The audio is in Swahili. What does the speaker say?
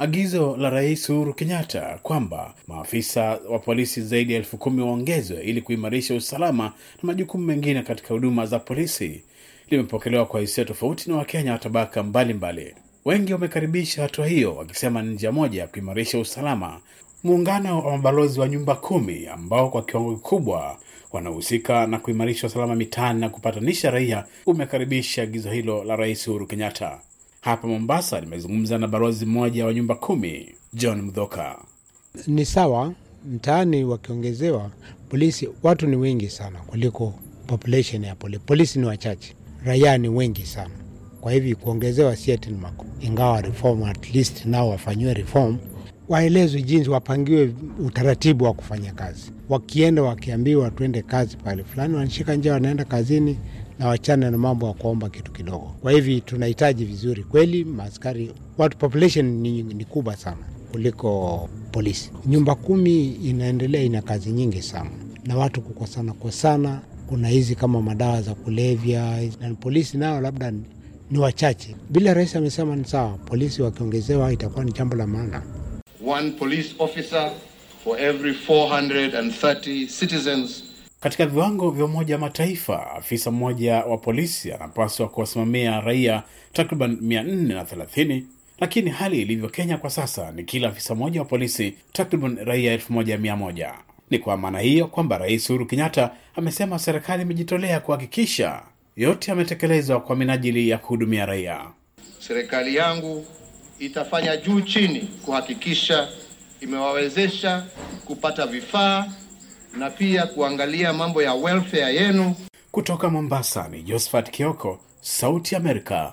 agizo la Rais Uhuru Kenyatta kwamba maafisa wa polisi zaidi ya elfu kumi waongezwe ili kuimarisha usalama na majukumu mengine katika huduma za polisi limepokelewa kwa hisia tofauti na Wakenya wa tabaka mbalimbali. Wengi wamekaribisha hatua hiyo wakisema ni njia moja ya kuimarisha usalama. Muungano wa mabalozi wa nyumba kumi ambao kwa kiwango kikubwa wanahusika na kuimarisha usalama mitaani na kupatanisha raia umekaribisha agizo hilo la Rais Uhuru Kenyatta. Hapa Mombasa limezungumza na balozi mmoja wa nyumba kumi John Mdhoka. Ni sawa, mtaani wakiongezewa polisi, watu ni wengi sana kuliko population ya polisi. Polisi ni wachache, raia ni wengi sana. Kwa hivi kuongezewa si ingawa reform at least nao wafanyiwe reform, waelezwe jinsi, wapangiwe utaratibu wa kufanya kazi. Wakienda wakiambiwa twende kazi pale fulani, wanashika njia, wanaenda kazini na wachane na mambo ya kuomba kitu kidogo. Kwa hivi tunahitaji vizuri kweli maaskari, watu population ni, ni kubwa sana kuliko polisi. Nyumba kumi inaendelea, ina kazi nyingi sana na watu kukosana kosana. Kuna hizi kama madawa za kulevya na polisi nao labda ni wachache. Bila rais amesema ni sawa, polisi wakiongezewa itakuwa ni jambo la maana. One police officer for every 430 citizens katika viwango vya Umoja wa Mataifa, afisa mmoja wa polisi anapaswa kuwasimamia raia takriban 430 lakini hali ilivyo Kenya kwa sasa ni kila afisa mmoja wa polisi takriban raia 11 Ni kwa maana hiyo kwamba Rais Uhuru Kenyatta amesema serikali imejitolea kuhakikisha yote yametekelezwa kwa minajili ya kuhudumia raia. Serikali yangu itafanya juu chini kuhakikisha imewawezesha kupata vifaa na pia kuangalia mambo ya welfare yenu. Kutoka Mombasa ni Josephat Kioko, Sauti Amerika.